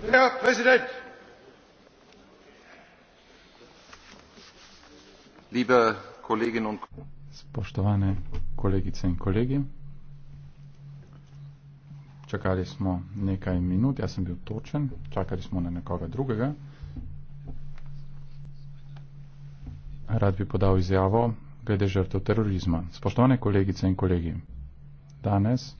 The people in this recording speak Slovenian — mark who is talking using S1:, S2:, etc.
S1: herr präsident
S2: liebe kolleginnen und
S3: spoštovane kolegice in kolegi čakali smo nekaj minut jaz sem bil točen čakali smo na nekoga drugega
S4: rad bi podal izjavo glede žrtev terorizma spoštovane kolegice in kolegi danes